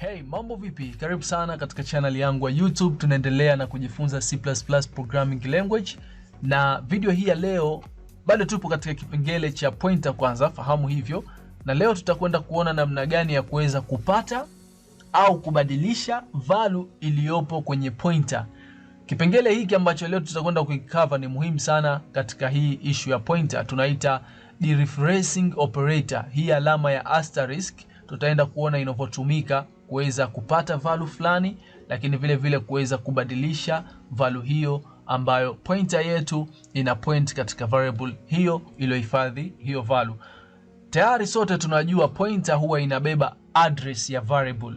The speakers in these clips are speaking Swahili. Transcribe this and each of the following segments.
Hey, mambo vipi? Karibu sana katika channel yangu ya YouTube. Tunaendelea na kujifunza C++ programming language, na video hii ya leo bado tupo katika kipengele cha pointer. Kwanza fahamu hivyo, na leo tutakwenda kuona namna gani ya kuweza kupata au kubadilisha value iliyopo kwenye pointer. Kipengele hiki ambacho leo tutakwenda kukicover ni muhimu sana katika hii issue ya pointer, tunaita dereferencing operator. Hii alama ya asterisk tutaenda kuona inavyotumika kuweza kupata value fulani, lakini vile vile kuweza kubadilisha value hiyo ambayo pointer yetu ina point katika variable hiyo iliyohifadhi hiyo value. Tayari sote tunajua pointer huwa inabeba address ya variable.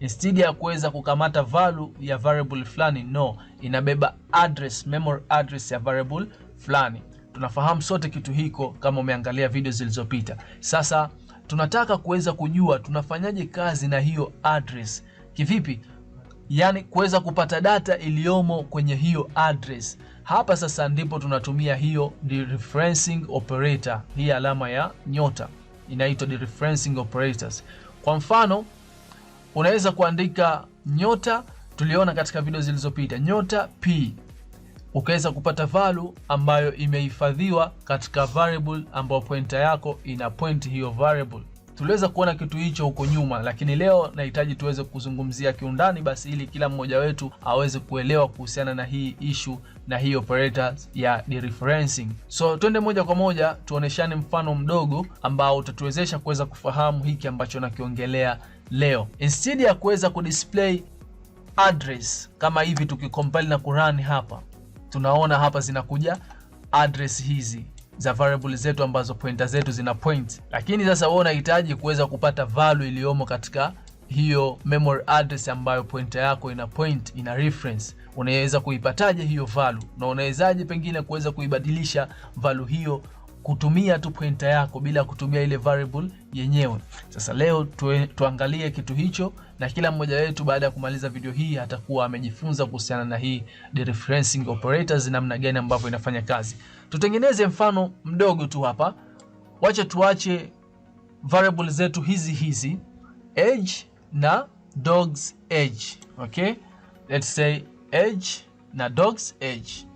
Instead ya kuweza kukamata value ya variable fulani, no, inabeba address, memory address ya variable fulani. Tunafahamu sote kitu hiko kama umeangalia video zilizopita. Sasa tunataka kuweza kujua tunafanyaje kazi na hiyo address kivipi? yani kuweza kupata data iliyomo kwenye hiyo address. Hapa sasa ndipo tunatumia hiyo dereferencing operator, hii alama ya nyota inaitwa dereferencing operators. Kwa mfano, unaweza kuandika nyota, tuliona katika video zilizopita, nyota p ukaweza kupata value ambayo imehifadhiwa katika variable ambayo pointer yako ina point hiyo variable. Tuliweza kuona kitu hicho huko nyuma, lakini leo nahitaji tuweze kuzungumzia kiundani basi, ili kila mmoja wetu aweze kuelewa kuhusiana na hii ishu na hii operators ya dereferencing. So twende moja kwa moja tuoneshane mfano mdogo ambao utatuwezesha kuweza kufahamu hiki ambacho nakiongelea leo. Instead ya kuweza kudisplay address kama hivi, tukicompile na kurani hapa tunaona hapa zinakuja address hizi za variable zetu ambazo pointer zetu zina point, lakini sasa wewe unahitaji kuweza kupata value iliyomo katika hiyo memory address ambayo pointer yako ina point ina reference. Unaweza kuipataje hiyo value, na unawezaje pengine kuweza kuibadilisha value hiyo kutumia tu pointer yako bila kutumia ile variable yenyewe. Sasa leo tue, tuangalie kitu hicho, na kila mmoja wetu baada ya kumaliza video hii atakuwa amejifunza kuhusiana na hii dereferencing operators, namna gani ambavyo inafanya kazi. Tutengeneze mfano mdogo tu hapa, wacha tuache variable zetu hizi hizi age na dogs age. Okay, let's say age na dogs age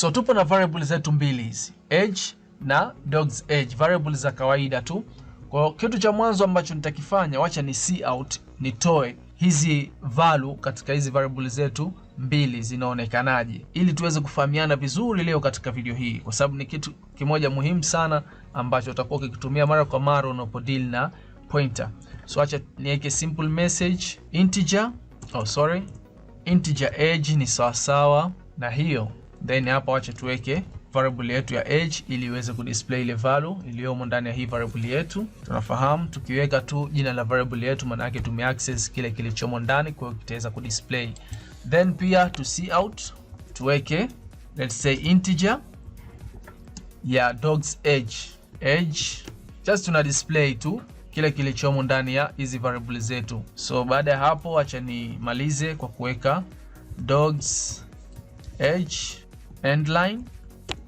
So tupo na variable zetu mbili hizi age na dog's age, variable za kawaida tu. Kwa kitu cha mwanzo ambacho nitakifanya, wacha ni see out, nitoe hizi value katika hizi variable zetu mbili zinaonekanaje, ili tuweze kufahamiana vizuri leo katika video hii, kwa sababu ni kitu kimoja muhimu sana ambacho utakuwa ukikitumia mara kwa mara unapodeal na pointer. So acha niweke simple message integer, oh sorry, integer age ni sawasawa na hiyo then hapa wacha tuweke variable yetu ya age ili iweze kudisplay ile value iliyomo ndani ya hii variable yetu. Tunafahamu tukiweka tu jina la variable yetu, maana yake tumeaccess kile kilichomo ndani, kwa hiyo kitaweza kudisplay. Then pia to see out tuweke let's say integer ya dog's age. Age just tuna display tu kile kilichomo ndani ya hizi variable zetu. So baada ya hapo, acha nimalize kwa kuweka dogs age end line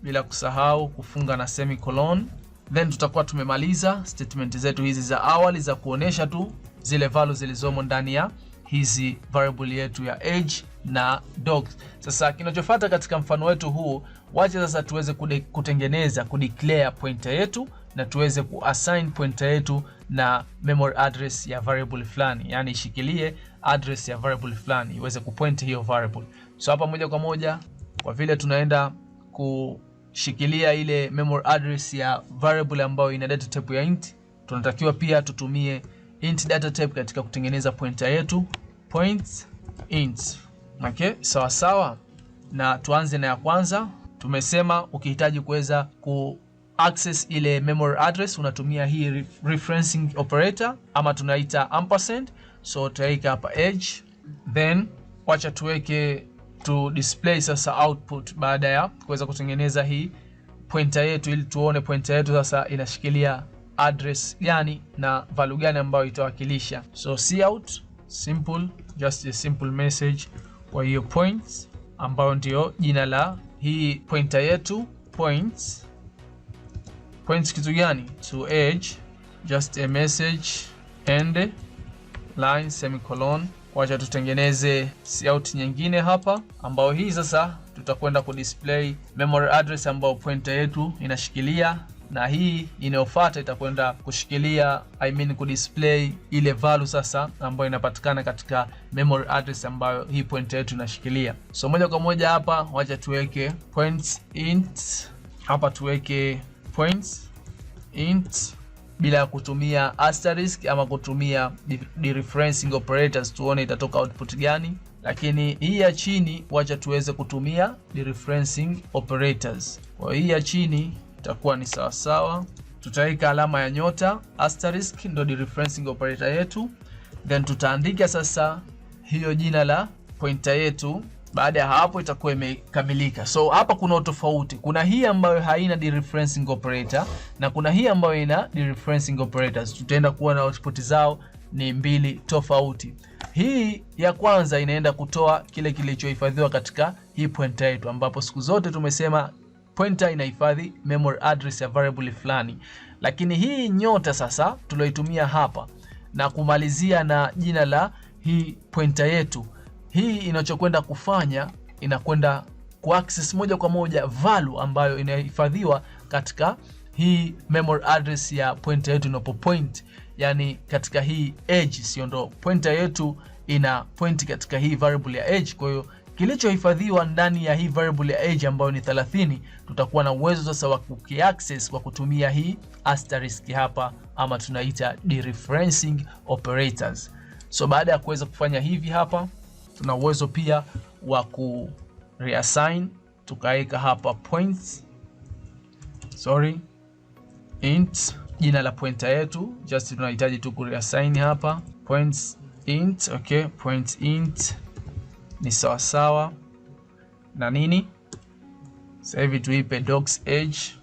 bila kusahau kufunga na semicolon, then tutakuwa tumemaliza statement zetu hizi za awali za kuonesha tu zile values zilizomo ndani ya hizi variable yetu ya age na dog. Sasa kinachofuata katika mfano wetu huu, wacha sasa tuweze kude, kutengeneza kudeclare pointer yetu na tuweze kuassign pointer yetu na memory address ya variable fulani, yani ishikilie address ya variable fulani iweze kupoint hiyo variable. So hapa moja kwa moja kwa vile tunaenda kushikilia ile memory address ya variable ambayo ina data type ya int, tunatakiwa pia tutumie int data type katika kutengeneza pointer yetu point int. Okay, sawa sawa, na tuanze na ya kwanza. Tumesema ukihitaji kuweza ku access ile memory address unatumia hii referencing operator ama tunaita ampersand. So tutaweka hapa edge, then wacha tuweke tu display sasa output baada ya kuweza kutengeneza hii pointer yetu, ili tuone pointer yetu sasa inashikilia address gani na value gani ambayo itawakilisha. So cout simple, just a simple message kwa hiyo points, ambayo ndio jina la hii pointer yetu. Points points kitu gani? To edge, just a message, end line semicolon wacha tutengeneze cout nyingine hapa, ambayo hii sasa tutakwenda display memory address ambayo pointer yetu inashikilia na hii inayofuata itakwenda kushikilia I mean kudisplay ile value sasa ambayo inapatikana katika memory address ambayo hii pointer yetu inashikilia. So moja kwa moja hapa, wacha tuweke points int hapa, tuweke points int bila ya kutumia asterisk ama kutumia dereferencing operators tuone itatoka output gani, lakini hii ya chini wacha tuweze kutumia dereferencing operators. Kwa hii ya chini itakuwa ni sawasawa, tutaweka alama ya nyota asterisk, ndo dereferencing operator yetu, then tutaandika sasa hiyo jina la pointer yetu baada ya hapo itakuwa imekamilika. So hapa kuna utofauti, kuna hii ambayo haina dereferencing operator na kuna hii ambayo ina dereferencing operators. Tutaenda na output zao ni mbili tofauti. Hii ya kwanza inaenda kutoa kile kilichohifadhiwa katika hii pointer yetu, ambapo siku zote tumesema pointer inahifadhi memory address ya variable fulani, lakini hii nyota sasa tulioitumia hapa na kumalizia na jina la hii pointer yetu hii inachokwenda kufanya inakwenda kuaccess moja kwa moja value ambayo inahifadhiwa katika hii memory address ya pointer yetu inapo point, yani katika hii edge, sio ndo pointer yetu ina point katika hii variable ya edge. Kwa hiyo kilichohifadhiwa ndani ya hii variable ya edge ambayo ni 30 tutakuwa na uwezo sasa wa kukiaccess kwa kutumia hii asterisk hapa, ama tunaita dereferencing operators. So baada ya kuweza kufanya hivi hapa Tuna uwezo pia wa ku reassign tukaweka hapa points, sorry int, jina la pointer yetu, just tunahitaji tu ku reassign hapa points int. Okay, point int ni sawasawa na nini? Sasa hivi tuipe docs age.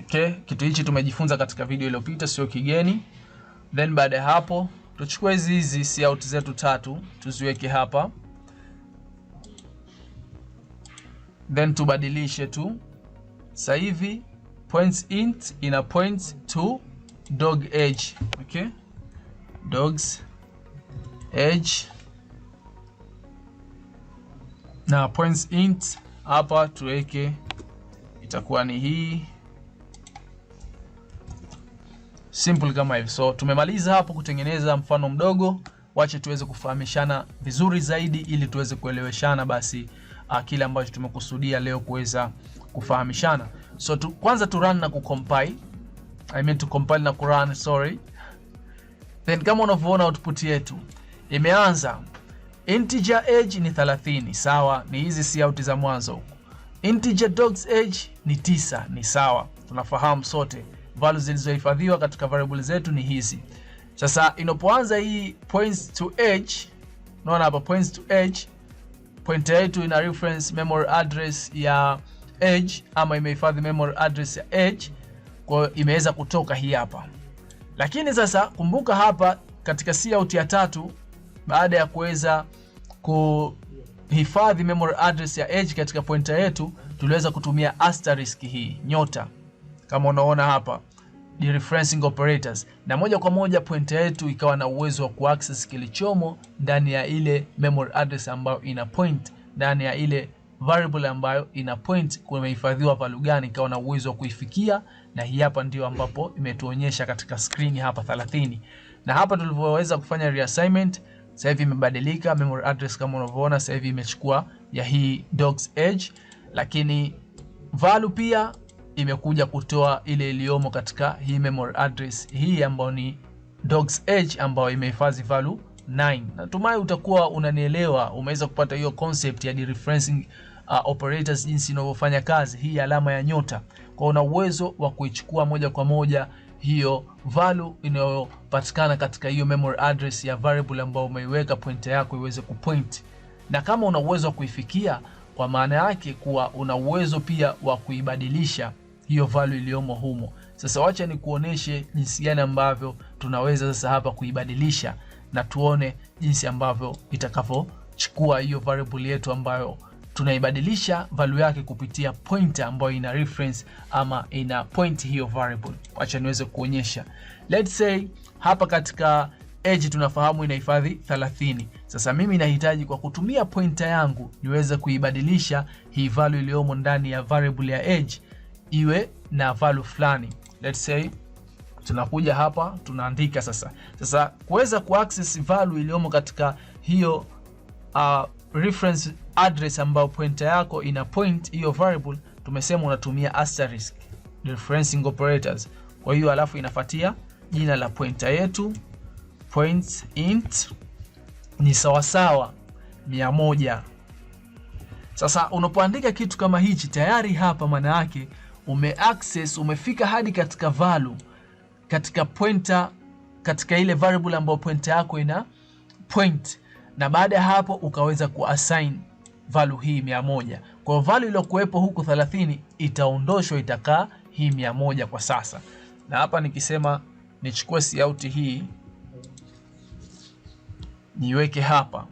Okay, kitu hichi tumejifunza katika video iliyopita, sio kigeni. Then baada ya hapo tuchukue hizi hizi out zetu tatu tuziweke hapa, then tubadilishe tu. Sasa hivi points int ina point to dog age. Okay, dogs age na points int hapa tuweke itakuwa ni hii simple kama hivi. So tumemaliza hapo kutengeneza mfano mdogo, wache tuweze kufahamishana vizuri zaidi, ili tuweze kueleweshana basi uh, kile ambacho tumekusudia leo kuweza kufahamishana. So tu, kwanza tu run na kucompile. I mean to compile na kurun, sorry. Then kama unavyoona output yetu imeanza integer age ni 30 sawa, ni hizi si out za mwanzo huko. Integer dogs age ni tisa ni sawa, tunafahamu sote values zilizohifadhiwa katika variable zetu ni hizi. Sasa inapoanza hii points to edge, unaona hapa points to edge, pointer yetu ina reference memory address ya edge ama imehifadhi memory address ya edge, kwa hiyo imeweza kutoka hii hapa. Lakini sasa kumbuka hapa katika cout ya tatu, baada ya kuweza kuhifadhi memory address ya edge katika pointer yetu, tuliweza kutumia asterisk hii nyota, kama unaona hapa dereferencing operators, na moja kwa moja pointer yetu ikawa na uwezo wa kuaccess kilichomo ndani ya ile memory address ambayo ina point ndani ya ile variable ambayo ina point kumehifadhiwa value gani, ikawa na uwezo wa kuifikia, na hii hapa ndio ambapo imetuonyesha katika screen hapa 30, na hapa tulivyoweza kufanya reassignment. Sasa hivi imebadilika memory address kama unavyoona, sasa hivi imechukua ya hii dogs edge, lakini value pia imekuja kutoa ile iliyomo katika hii memory address hii ambayo ni dogs edge ambayo imehifadhi value 9. Natumai utakuwa unanielewa, umeweza kupata hiyo concept ya dereferencing uh, operators jinsi inavyofanya kazi hii alama ya nyota. Kwa una uwezo wa kuichukua moja kwa moja hiyo value inayopatikana katika hiyo memory address ya variable ambayo umeiweka pointer yako iweze kupoint, na kama una uwezo wa kuifikia, kwa maana yake kuwa una uwezo pia wa kuibadilisha hiyo value iliyomo humo. Sasa wacha ni kuoneshe jinsi gani ambavyo tunaweza sasa hapa kuibadilisha na tuone jinsi ambavyo itakavyochukua hiyo variable yetu ambayo tunaibadilisha value yake kupitia pointer ambayo ina reference ama ina point hiyo variable. Wacha niweze kuonyesha. Let's say hapa katika age tunafahamu inahifadhi 30. Sasa mimi nahitaji kwa kutumia pointer yangu niweze kuibadilisha hii value iliyomo ndani ya variable ya age iwe na value fulani. Let's say tunakuja hapa tunaandika sasa. Sasa kuweza kuaccess value iliyomo katika hiyo uh, reference address ambayo pointer yako ina point hiyo variable, tumesema unatumia asterisk referencing operators. Kwa hiyo alafu inafuatia jina la pointer yetu point int ni sawasawa mia moja. Sasa unapoandika kitu kama hichi tayari hapa maana yake umeaccess umefika hadi katika value katika pointer katika ile variable ambayo pointer yako ina point, na baada ya hapo ukaweza kuassign value hii mia moja. Kwa value iliyokuwepo huku 30 itaondoshwa itakaa hii mia moja kwa sasa, na hapa nikisema nichukue cout hii niweke hapa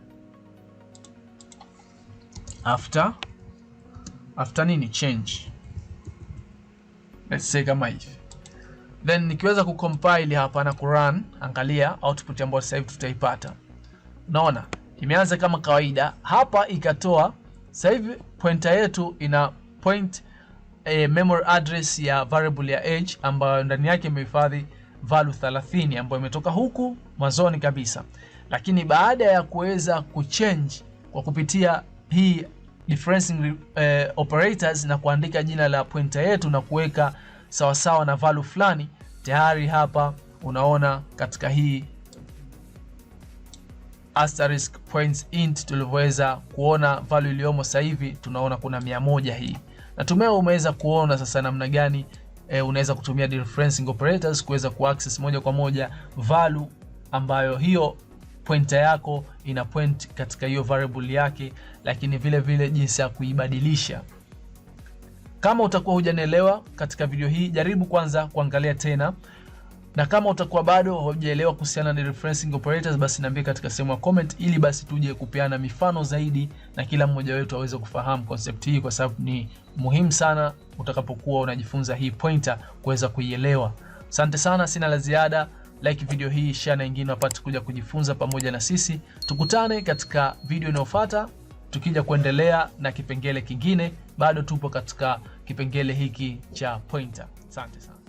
after after nini change let's say kama hivi, then nikiweza kucompile hapa na kurun, angalia output ambayo sasa hivi tutaipata. Unaona imeanza kama kawaida hapa, ikatoa sasa hivi pointer yetu ina point eh, memory address ya variable ya age ambayo ndani yake imehifadhi value 30 ambayo imetoka huku mwanzoni kabisa, lakini baada ya kuweza kuchange kwa kupitia hii referencing uh, eh, operators na kuandika jina la pointer yetu na kuweka sawasawa na value fulani, tayari hapa unaona katika hii asterisk points int tulivyoweza kuona value iliyomo sasa hivi tunaona kuna mia moja hii. Natumia umeweza kuona sasa namna gani e, unaweza kutumia dereferencing operators kuweza kuaccess moja kwa moja value ambayo hiyo pointer yako ina point katika hiyo variable yake, lakini vile vile jinsi ya kuibadilisha. Kama utakuwa hujanielewa katika video hii, jaribu kwanza kuangalia tena, na kama utakuwa bado hujaelewa kuhusiana na referencing operators, basi niambie katika sehemu ya comment, ili basi tuje kupeana mifano zaidi na kila mmoja wetu aweze kufahamu concept hii, kwa sababu ni muhimu sana utakapokuwa unajifunza hii pointer kuweza kuielewa. Asante sana, sina la ziada like video hii, share na wengine wapate kuja kujifunza pamoja na sisi. Tukutane katika video inayofuata tukija kuendelea na kipengele kingine. Bado tupo katika kipengele hiki cha pointer. Asante sana.